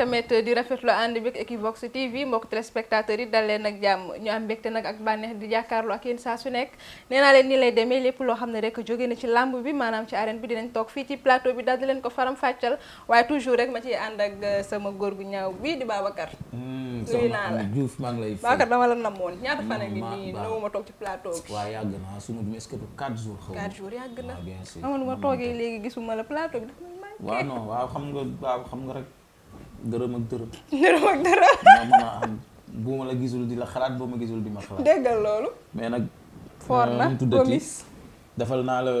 tamit di rafetlu ànd bi Equivox TV mbokk téléspectateurs yi loo xam ne rek jóge na ci làmb bi maanaam bi dinañ toog fii ci plateau bi dal di leen ko faram fàccal waaye toujours rek ma ciy ànd ak euh, sama góor gu ñaaw bii di Babacar hmm, nuyu la Diouf maa ngi lay Babacar dama la namoon ñaata fan ak nii nawuma toog ci plateau bi waaw yàgg na suma bi est-ce que quatre jours xaw yàgg na ah, amoon ma toogee léegi gisuma la plateau bi waaw non waaw xam nga waaw xam nga rek dërëm ak dërëm. dërëm ak dërëm. moo mën a am ma la gisul di la xalaat boo ma gisul di ma xalaat. déggal loolu. mais nag. foor euh, na gomis defal naa la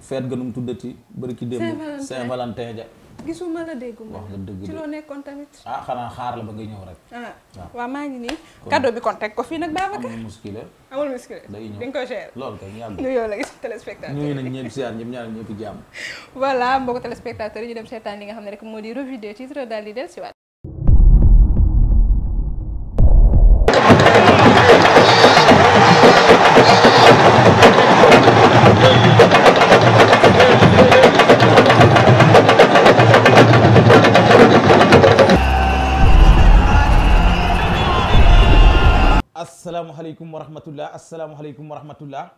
feet gënum tuddati bari ci démb Saint-Valentin ja gisuma la dégguma wax nga dëgg ci loo nekkoon tamit. ah xanaa xaar la ba nga ñëw rek. ah, ah. waaw maa ngi nii. cadeau bi kon ko fii nag Babacar. amul muskile. Eh? amul muskile day ñëw di nga ko gérer. loolu kay yàgg nuyoo la gis téléspectateur téléspectateur yi ñu dem seetaan li nga xam ne rek moo di revue des titres daal di dellusiwaat. asalaamaaleykum wa rahmatullah asalaamaaleykum wa rahmatullah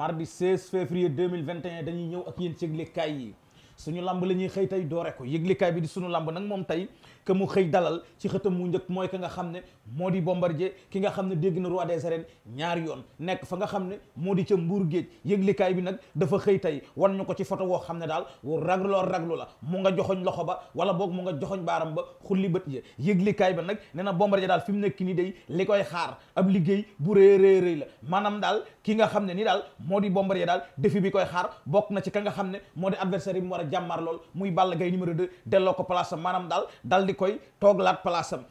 mardi 16 février 2021 dañuy ñëw ak yéen ci yëglekaay yi suñu lamb la ñuy xëy tey doore ko yëglekaay bi di suñu lamb nag moom tey que mu xëy dalal ci xëtam mu njëkk mooy que nga xam ne moo di Bombardier ki nga xam ne dégg na roi des arènes ñaari yoon nekk fa nga xam ne moo di ca mbuur géej yëglikaay bi nag dafa xëy tey wan ñu ko ci foto woo xam ne daal ragloo raglu la mu nga joxoñ loxo ba wala boog mu nga joxoñ baaram ba xulli bët ya yëglikaay ba nag nee na Bombardier daal fi mu nekk nii day li koy xaar ab liggéey bu rëy rëy la maanaam daal ki nga xam ne ni daal moo di Bombardier daal défi bi koy xaar bokk na ci ka nga xam ne moo di adversaire yi mu war a jàmmaar lool muy Balla gay numéro 2 delloo ko place am maanaam daal dal di koy tooglaat place am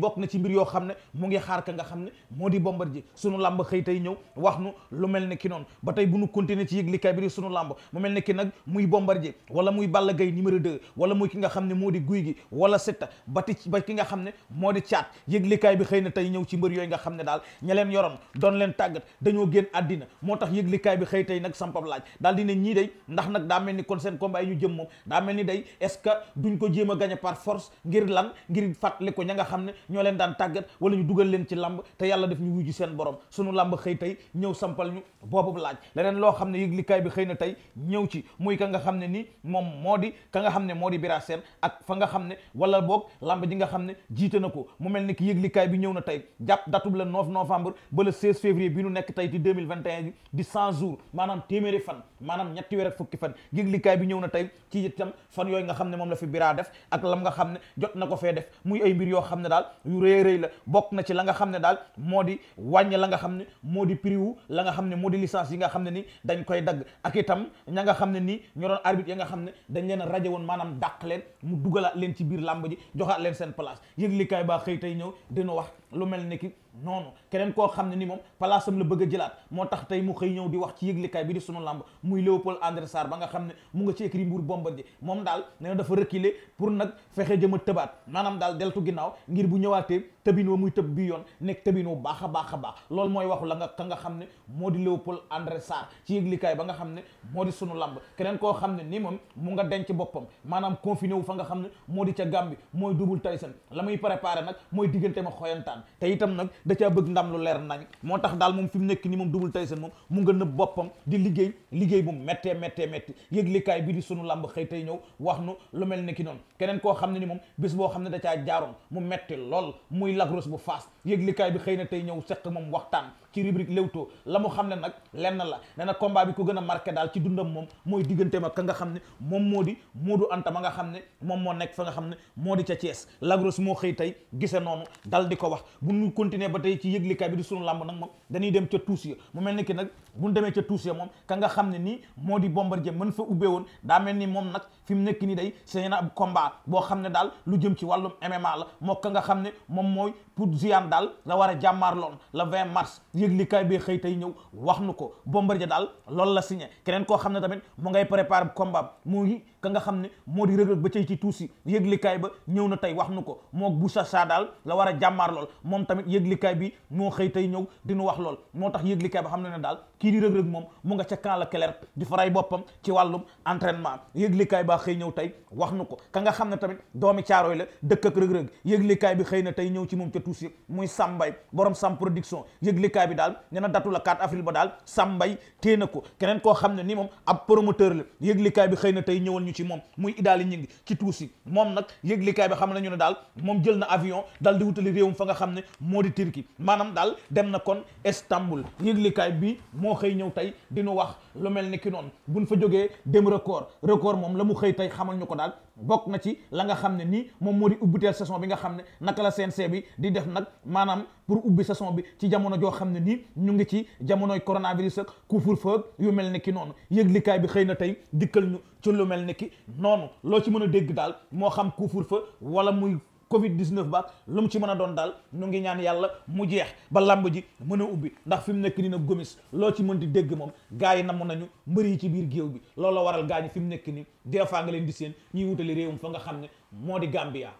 bokk na ci mbir yoo xam ne mu ngi xaar ka nga xam ne moo di Bombardier sunu làmb xëy tay ñëw wax nu lu mel ne ki noonu ba tey bu nu continuer ci yëglikaay bi di sunu làmb mu mel ni ki nag muy Bombardier wala muy Balla Gaye numéro 2 wala muy ki nga xam ne moo di guy gi wala Siteu ba ti ba ki nga xam ne moo di caat yëglikaay bi xëy na tey ñëw ci mbir yooyu nga xam ne daal ña leen yoroon doon leen tàggat dañoo génn àddina moo tax yëglikaay bi xëy tey nag sampab laaj daal di day ndax nag daa mel ni kon seen combat ñu jëm moom daa mel ni day est-ce que duñ ko jéem a gagner par force ngir lan ngir fàttali ko ña nga xam ne ñoo leen daan tàggat wala ñu dugal leen ci lamb te yàlla def ñu wujju seen borom sunu lamb xëy tey ñëw sampal ñu boobu laaj leneen loo xam ne yëglikaay bi xëy na tey ñëw ci muy ka nga xam ne ni moom moo di ka nga xam ne moo di bira ak fa nga xam ne wala boog lamb ji nga xam ne jiite na ko mu mel ni ki bi ñëw na tey jàpp datub le 9 novembre ba le 16 février bi nekk tey ci 2021 bi di 100 jours maanaam téeméeri fan maanaam ñetti fukki fan yëglikaay bi ñëw na tey ci itam fan yooyu nga xam ne moom la fi biraa def ak lam nga xam ne jot na ko fee def muy ay mbir yoo xam ne daal yu rëy rëy la bokk na ci la nga xam ne daal moo di wàññi la nga xam ne moo di prix wu la nga xam ne moo di licence yi nga xam ne ni dañ koy dagg ak itam ña nga xam ne nii ñoo doon arbitre ya nga xam ne dañ leen rajo woon maanaam dàq leen mu dugalaat leen ci biir làmb ji joxaat leen seen place yëglikaay baa xëy tey ñëw dina wax lu mel ni ki noonu keneen koo xam ne ni moom palaasam la bëgg a jëlaat moo tax tey mu xëy ñëw di wax ci yëglikaay bi di sunu làmb muy Léopold André Sarr ba nga xam ne mu nga ci écrit Mbour Bombardier moom daal nee na dafa reculer pour nag fexe jëm a tëbaat maanaam daal deltu ginnaaw ngir bu ñëwaatee tëbin wa muy tëb bi yoon nekk tëbin wu baax a baax a baax loolu mooy waxu la nga ka nga xam ne moo di Léopold André Sarr ci yëglikaay ba nga xam ne moo di sunu lamb keneen koo xam ne nii moom mu nga denc boppam maanaam confiné wu fa nga xam ne moo di ca Gàmbi mooy Double Tyson la muy préparé nag mooy diggante ma xoyantaan te itam nag da caa bëgg ndam lu leer nañ moo tax daal moom fi mu nekk ni moom Double Tyson moom mu nga nëb boppam di liggéey liggéey bu méttee méttee métti yëglikaay bi di sunu lamb xëy tey ñëw wax nu lu mel ne ki noonu keneen koo xam ne ni moom bis boo xam ne da caa jaaroon mu metti lool muy muy Lac Rose bu Fass yëglikaay bi xëy na tey ñëw seq moom waxtaan ci rubrique Leewtoo la mu xam ne nag lenn la nee na bi ko gën a marqué daal ci dundam moom mooy digganteem ak ka nga xam ne moom moo di Modou Anta nga xam ne moom moo nekk fa nga xam ne moo di ca Thiès Lagros moo xëy tey gise noonu dal di ko wax bu ñu continuer ba tey ci yëglikaay bi di sunu làmb nag moom dañuy dem ca tuus mu mel ni ki nag bu ñu demee ca tuus moom ka nga xam ne nii moo di Bombardier mën fa ubbee woon daa mel ni moom nag fi mu nekk nii day seen na ab combat boo xam ne daal lu jëm ci wàllum la moo ka nga xam ne moom mooy pour Ziane daal la war a jàmmaar loon la 20 mars yëglikaay bi xëy tey ñëw wax nu ko mbër Bombardier daal loolu la signé keneen koo xam ne tamit mu ngay préparé combat mu ngi ka nga xam ne moo di rëg-rëg ba cay ci tuusi yëglikaay ba ñëw na tey wax nu ko moo busa saa daal la war a jàmmaar lool moom tamit yëglikaay bi moo xëy tey ñëw di nu wax lool moo tax yëglikaay ba xam ne ne daal kii di rëg-rëg moom mu nga ca camp Leclerc di faray boppam ci wàllum entraînement yëglikaay baa xëy ñëw tey wax nu ko ka nga xam ne tamit doomi caaro yi la dëkk ak rëg-rëg yëglikaay bi xëy na tey ñëw ci moom ca tuusi muy sàmbay borom sam production yëglikaay bi daal ne na datu la 4 avril ba daal sàmbay téena ko keneen koo xam ne ni moom ab promoteur la yëglikaay bi xëy na tey ñëwal ñu ci moom muy idaali ñi ngi ci tuusi moom nag yëglikaay bi xam nañu ne daal moom jël na avion dal di wutali réewum fa nga xam ne moo di Turquie maanaam daal dem na kon Istanbul yëglikaay bi moo xëy ñëw tey dinu wax lu mel ni ki noonu bu buñ fa jógee dem record record moom la mu xëy tey xamal ñu ko daal bokk na ci la nga xam ne nii moom moo di ubbiteel saison bi nga xam ne naka la see bi di def nag maanaam pour ubbi saison bi ci jamono joo xam ne nii ñu ngi ci jamonoy coronavirus ak couvre-feu yu mel ni ki noonu yëglikaay bi xëy na tey dikkal ñu ci lu mel ni ki noonu loo ci mën a dégg daal moo xam couvre-feu wala muy covid 19 ba lu mu ci mën a doon daal nu ngi ñaan yàlla mu jeex ba làmb ji mën a ubbi ndax fi mu nekk nii nag gomis loo ci mën di dégg moom gars yi namm nañu mbër yi ci biir géew bi loolu waral gaa ñi fi mu nekk nii des fois nga leen di séen ñuy wutali mi fa nga xam ne moo di Gambia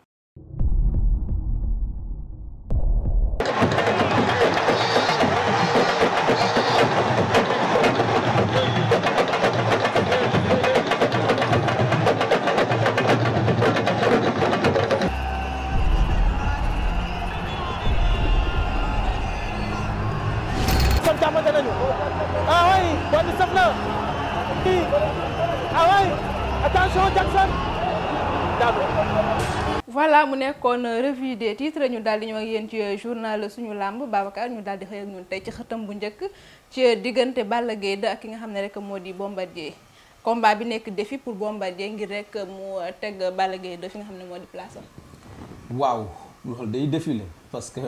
nekkoon revue des titres ñu daal di ñëw ak yéen ci journal suñu làmb Babacar ñu daal di xëy ak ñun tey ci xëtam bu njëkk ci diggante Balla Gaye 2 ak ki nga xam ne rek moo di Bombardier combat bi nekk defi pour Bombardier ngir rek mu teg Balla Gaye 2 fi nga xam ne moo di place am. waaw loolu day défi la parce que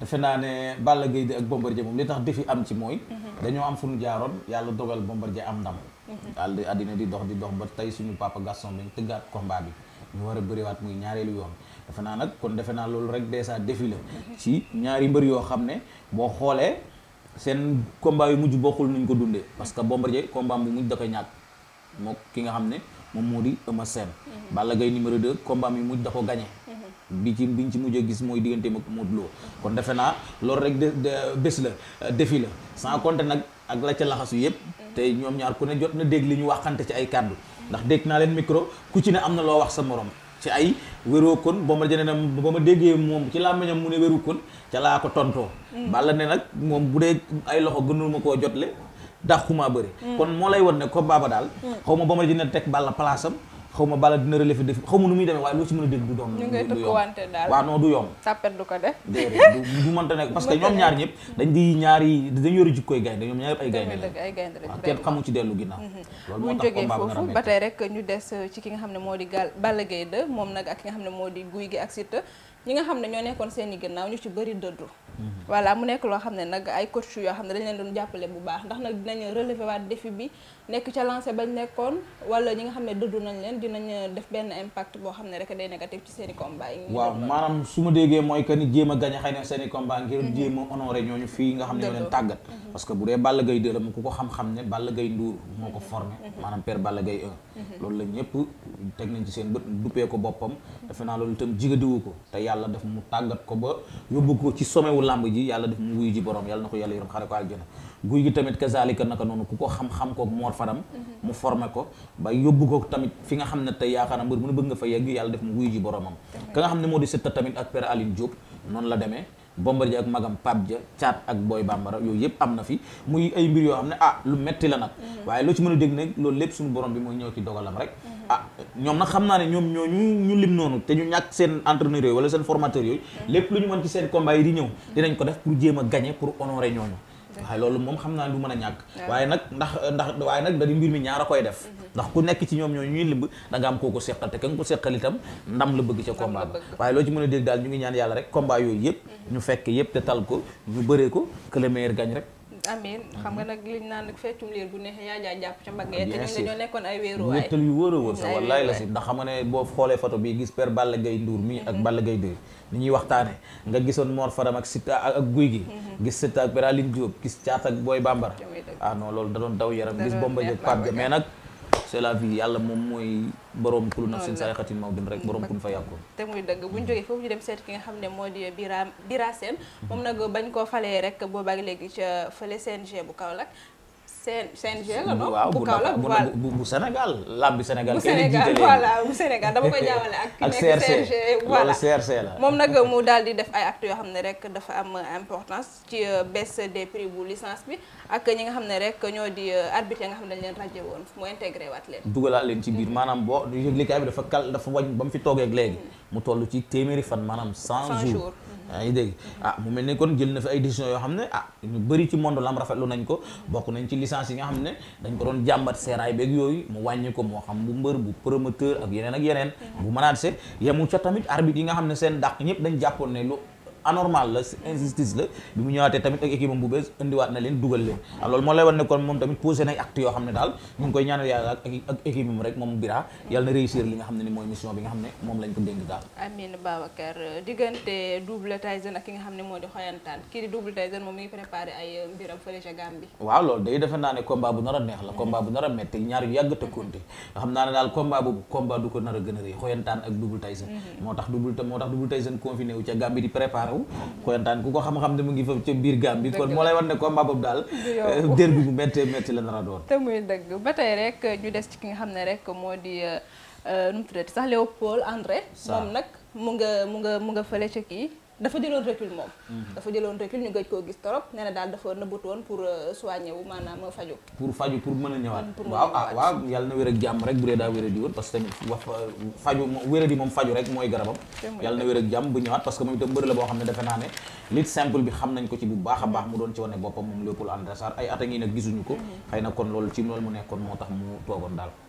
defe naa ne Balla Gaye 2 ak Bombardier moom li tax défi am ci mooy. dañoo am fu ñu jaaroon yàlla dogal Bombardier am ndam. Mhm. daal di àddina di dox di dox ba tey suñu papa Gaston dañ tëggaat combat bi. ñu war a bëriwaat muy ñaareelu yoon defe naa nag kon defe naa loolu rek dèjà défi la ci ñaari mbër yoo xam ne boo xoolee seen combat yu mujj bokkul nuñ ko dundee parce que Bombardier combat bu mujj da ko ñàkk moo ki nga xam ne moom moo di Eumeu Sène mhm. Balla Gaye numéro 2 combat mi mujj da ko gagné mhm. bi ci biñ ci mujjee gis mooy diggante mag Modou Lo kon defe naa loolu rek de bés la defi la sans compter nag ak la ca laxasu yëpp mhm. tey ñoom ñaar ku ne jot na dégg li ñu waxante ci ay kàddu ndax dégg naa leen micro ku am na loo wax sa morom ci ay wéroo kon boo ma jënee na ba ma déggee moom ci làmmiñam mu ne wéru kon ca laa ko tontoo mm. balla ne nag moom bu dee ay loxo gënul ma koo jotle dax xumaa bëri mm. kon moo lay won ne combat ba daal mm. xaw ma ba ma jënee teg balla place xaw ma bala dina relevé défi xaw nu muy demee waaye loo ci mën a dégg du doon ñu ngay tëkkuwante daal waaw non du yomb sàppet du ko def du mënta nekk parce que ñoom ñaar ñëpp dañ di ñaari dañ yori jikkoy gaynde ñoom ñaar ay gaynde la waaw kenn xamu ci dellu ginnaaw loolu moo tax combat bi foofu ba tey rek ñu des ci ki nga xam ne moo di Balla Gaye 2 moom nag ak ki nga xam ne moo di Gouye Gui ak Siteu ñi nga xam ne ñoo nekkoon seen i ginnaaw ñu ci bëri dëddu mhm. voilà mu nekk loo xam ne nag ay coach yoo xam ne dañ leen doon jàppale bu baax ndax nag dinañ nekkoon wala ñi nga xam ne dëddu nañ leen dinañ def benn impact boo xam ne rek day négatif ci seen i waaw maanaam su ma déggee mooy que ni jéem a gañ a xëy na seen ngir mhm. jéem a honoré ñooñu fii nga xam ne ñoo leen tàggat mhm. parce que bu dee Balla Gaye 2 la ku ko xam-xam ne Balla Gaye Ndour moo ko formé maanaam père Balla Gaye loolu la nañ ci seen bët duppee ko boppam defe naa loolu itam jigadiwu ko yàlla daf mu tàggat ko ba yóbbu ko ci sommet wu làmb ji yàlla daf mu wuyu ji borom yàlla na ko yàlla yërëm xare ko aljana guy gi tamit kazalika naka noonu ku ko xam-xam ko moor faram mhm. mu formé ko ba yóbbu ko tamit fi nga xam ne tey yaakaar mbir mu ne bëgg nga fa yegg yàlla def mu wuyu ji boromam ka nga xam ne moo di sëtta tamit ak père Aline Diop noonu la demee Bombardier ak magam Pape Dia Thiat ak Boy Bambara yooyu yëpp am na fi muy ay mbir yoo xam ne ah lu metti la nag mhm. waaye loo a dégg loolu lépp suñu borom bi mooy ñëw ci dogalam rek mhm. ah ñoom nag xam naa ne ñoom ñoo ñu lim noonu te ñu ñàkk seen entraîneurs yooyu wala seen formateur yooyu mm-hmm. lépp lu ñu mën ci seen combat yi di ñëw dinañ ko def pour jéem a gagner pour honorer ñooñu waaye loolu moom xam naa du mën a ñàkk waaye nag ndax ndax waaye nag da di mbir mi ñaar a koy def mm-hmm. ndax ku nekk ci ñoom ñooñu ñu limb da am koo ko seqal te ka nga ko seqal itam ndam la bëgg ca combat ba waaye loo ci mën a dégg daal ñu ngi ñaan yàlla rek combat yooyu yëpp mm-hmm. ñu fekk yëpp te tal ko ñu bëree ko que le meilleur rek amiin xam nga nag liñ naan feccum liir bu neexee yaa jaa jàpp ca mbagg te ñun dañoo nekkoon ay wéeruwaay wéttal yu wóor a wóor sax wallaay la si ndax xam nga ne boo xoolee foto bi gis père Balla Gaye Ndour mii ak mhm. Balla Gaye Ndour ni ñuy waxtaane nga gisoon Mor Faram ak Sita ak Guy gi mhm. gis Sita ak Père Aline Diop gis Caat ak booy Bambara ah non loolu da doon daw yaram gis Bomba Diop Pape mais nag c'est la vie yàlla moom mooy borom kulu nafsin saayxatin mawdin rek borom kun fa yàqu te muy dëgg bu ñu jógee foofu ñu dem seet ki nga xam ne moo di Bira Bira Sène moom nag bañ koo falee rek boobaak léegi ca fële CNG bu Kaolack CNG la mm, non waaw bu Kaolack bu bu Sénégal làmb bi Sénégal. bu Sénégal voilà bu Sénégal dama koy jaawale ak. CRC la. moom nag mu daal di def ay actes yoo xam ne rek dafa am importance ci euh, baisse des prix bu licence bi ak ñi nga xam ne rek ñoo di euh, arbitre nga xam ne leen rajee woon mu intégré waat leen. dugalaat leen ci biir maanaam boo yëglekaay bi dafa kal dafa wàññi ba mu fi toogee léegi. mu toll ci téeméeri fan maanaam 100 jours. yaa ngi dégg ah mu mel ne kon jël na fi ay décisions yoo xam ne ah ñu bëri ci monde lam rafetlu nañ ko bokk nañ ci licence yi nga xam ne dañ ko doon jàmbat seeraay beeg yooyu mu wàññi ko moo xam bu mbër bu promoteur ak yeneen ak yeneen bu se yemu ca tamit arbitre yi nga xam ne seen dàq ñëpp dañ jàppoon ne lu anormal la injustice la bi mu ñëwaatee tamit ak équipe bu bees indiwaat na leen dugal leen waaw loolu moo lay wan ne kon moom tamit posé nay ne daal ñu ngi koy ñaanal yàlla ak ak équipe am moom Bira na xam ne moo di xoyantaan kii di double Tyson moom ngi préparé ay mbiram fële Gambie waaw loolu day defe naa ne combat bu nar a neex la combat bu nar a metti ñaar yu yàgg tëkkoonte xam naa ne daal combat boobu combat du ko nar a gën a rëy xoyantaan ak double Tyson mhm. moo tax double moo tax ca Gambie di préparé taxaw Koyantaan ku ko xam-xam ne mu ngi fa ca biir Gàmbi kon moo lay wan ne combat boobu daal euh, derbi bu méttee métti la nar a doon te muy dëgg ba tey rek ñu des ci ki nga xam ne rek moo di euh, euh, nu mu tuddati sax Léopold André moom nag mu nga mu nga mu nga fa ca kii dafa jëloon recul moom. Mhm. dafa jëloon recul ñu gëj koo gis torop nee na daal dafa nëbbatu woon pour euh, soigner wu maanaam euh, faju pour faju pour mën a ñëwaat. pour mën waaw ah waaw yàlla na wér ak jàmm rek bu dee daa wér di wër que tamit wax euh, faju wér moom faju rek mooy garabam. yàlla na wér ak jàmm bu ñëwaat parce que moom itam mbër la boo xam ne defe naa ne lit simple bi xam nañ ko ci bu baax a baax mu doon ci wane boppam moom Léopold André Sarr ay at a ngi nag gisuñu ko. Mhm. xëy na kon loolu ci loolu mu nekkoon moo mu toogoon daal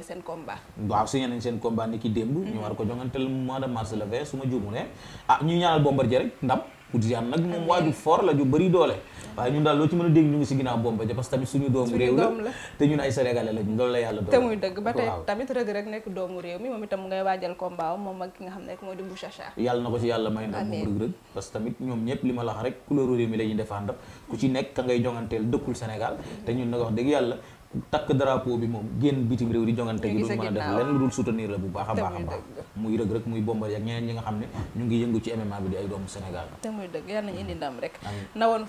tëggal seen combat waaw signé nañ seen combat ni ki démb ñu mhm. war ko jongantel mois de mars le 20 su ma juumu ne ah ñuy ñaanal Bombardier ja rek nekk doomu di Bouchacha yàlla na ko ci yàlla may ndam moom rëg rëg parce que tamit ñoom ñëpp li ma la rek couleur réew mi la ñuy défendre ku ci nekk ngay jonganteel dëkkul Sénégal mhm. te ñun nag wax dëgg yàlla takk drapeau bi moom génn bitim réew di jongante gi duñ mën a def lenn lu dul soutenir la bu baax a baax a baax muy rëg rek muy bombar ak ñeneen ñi nga xam ne ñu ngi yëngu ci MMA bi di ay doomu Sénégal te muy dëgg yal nañu indi na woon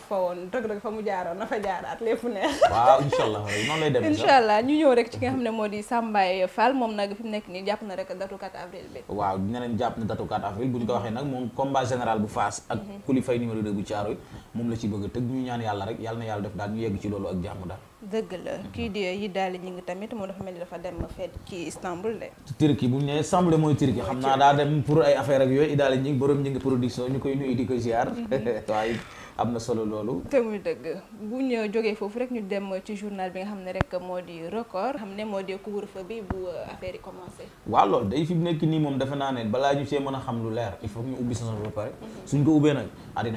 neex waaw incha allah noonu lay dem incha ñu ñëw nga xam ne moo di Sambaye Fall moom nag fi jàpp na rek datu 4 avril bi jàpp ne datu 4 avril bu waxee nag moom combat général bu Fass ak kulifay mhm. numéro 2 bu Thiaroye moom la ci a tëgg ñu ñaan yàlla rek yàlla na def daal ñu yegg ci loolu ak jàmm daal dëgg la mhm. kii di yi daal ñu ngi tamit moo dafa mel ni dafa dem fête ci Istanbul de. Turquie bu ñu nee Istanbul mooy Turquie xam naa daa dem pour ay affaire ak yooyu Idaale ñi ngi borom ñi ngi production ñu koy nuyu di ko ziar. Mhm. waaye am na solo loolu. te muy dëgg bu ñu jógee foofu rek ñu dem ci journal bi nga xam ne rek moo di record xam ne moo di couvre-feu bi bu affaire yi commencé. waaw loolu day fi mu nekk nii moom dafa naa ne balaa ñu see mën a xam lu leer il faut ñu ubbi saison ba pare. Mhm. suñ ah, la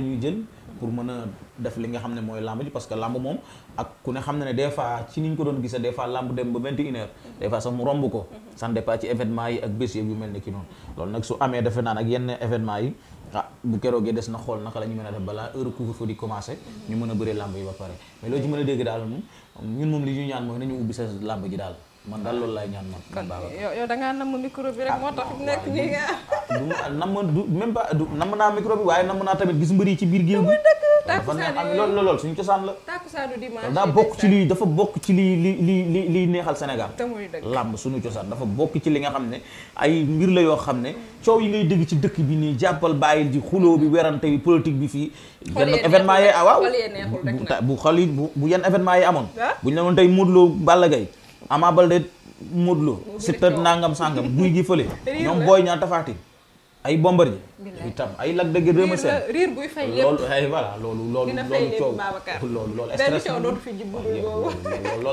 ñuy jël. pour mën a def li nga xam ne mooy làmb ji parce que làmb moom ak ku ne xam ne ne des ci ni ñu ko doon gisee des fois làmb dem ba vingt et une heures des fois sax mu romb ko ça dépend ci événement yi ak bés yëpp mel ni ki noonu loolu nag su amee defe naan ak yenn événement yi ah bu keroogee des na xool naka la ñu a def balaa heure couvre-feu di commencé ñu mën a bëree làmb yi ba pare mais loolu ci mën a dégg daal moom ñun moom li ñu ñaan mooy nañu ubbi sa làmb ji man daal loolu laay ñaan man. man baax yow yow da ngaa du même du namm naa micro bi waaye namm naa tamit gis mbëri ci biir géew bi. dafa neex am lool suñu cosaan la. taakusaanu dimanche daa bokk ci lii dafa bokk ci lii li li li liy neexal Sénégal. làmb suñu cosaan dafa bokk ci li nga xam ne ay mbir la yoo xam ne coow yi ngay dëgg ci dëkk bi nii jàppal bàyyil ji xuloo bi werante bi politique bi fii. xol yee neexul rek bu yi bu yan événement yi amoon. bu ñu la doon tey Modou Lo Balla Gaye Ama Baldé Modou Lo Siteu nangam sangam guy gi fële ñoom booy ñaa tafaati ay bombar ji itam ay lag dëgg rëma seen riir buy fay loolu ay voilà loolu loolu loolu coow ah, loolu loolu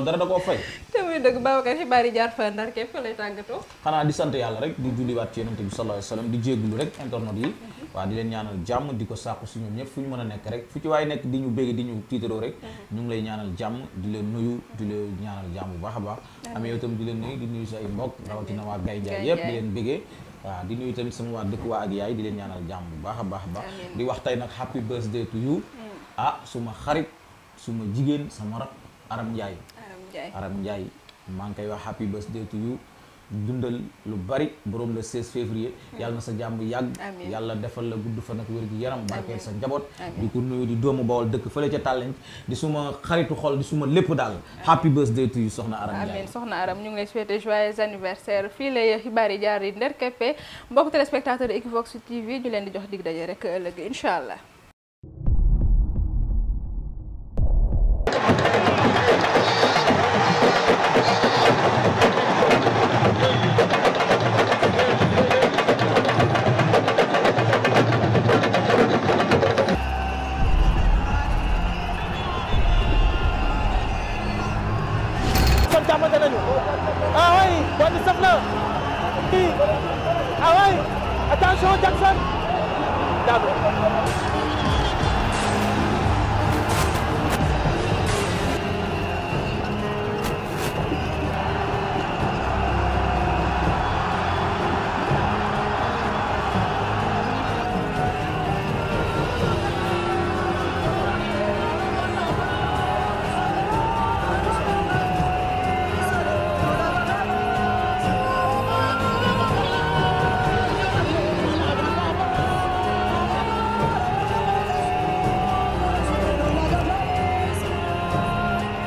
dara da koo fay te muy dëgg Babacar xibaar yi jaar fa ndar képp lay tàggatoo xanaa di sant yàlla rek di julliwaat ci yonent bi sallallahu alayhi wa sallam di jéggulu rek internet yi waaw di leen ñaanal jàmm di ko sàkku si ñoom ñëpp fu ñu mën a nekk rek fu ci waaye nekk di ñu bégg di ñu tiitaroo rek mhm. ñu ngi lay ñaanal jàmm di leen nuyu di leen ñaanal jàmm bu baax a baax amee yow itam di leen nuyu di nuyu say mbokk rawatina waa Gaye Ndiaye yëpp di leen di nuyu tamit sama waa dëkk ak yaay di leen ñaanal bu baax a baax baax di wax tey nag happy birthday to you mm. ah suma xarit suma jigéen sama rak Aram Ndiaye maa ngi koy wax happy birthday to you dundal lu bari boroom la 16 février hmm. yàlla na sa jàmm yàgg yàlla defal la gudd fa nag wér gu yaram barkeel sa njaboot di ko nuyu di doomu bawol dëkk fële ca tàllañ di suma xaritu xol di suma lépp daal happy birthday to you soxna aram amiin soxna aram ñu ngi lay souhaiter joyeux anniversaire fii lay xibaar yi jaar yi nderkeppe mbokk téléspectateur Equivox TV ñu leen di jox dig dajee rek ëllëg incha allah nañu ah oui bal bi saf na kii ah oui attention Jackson daanu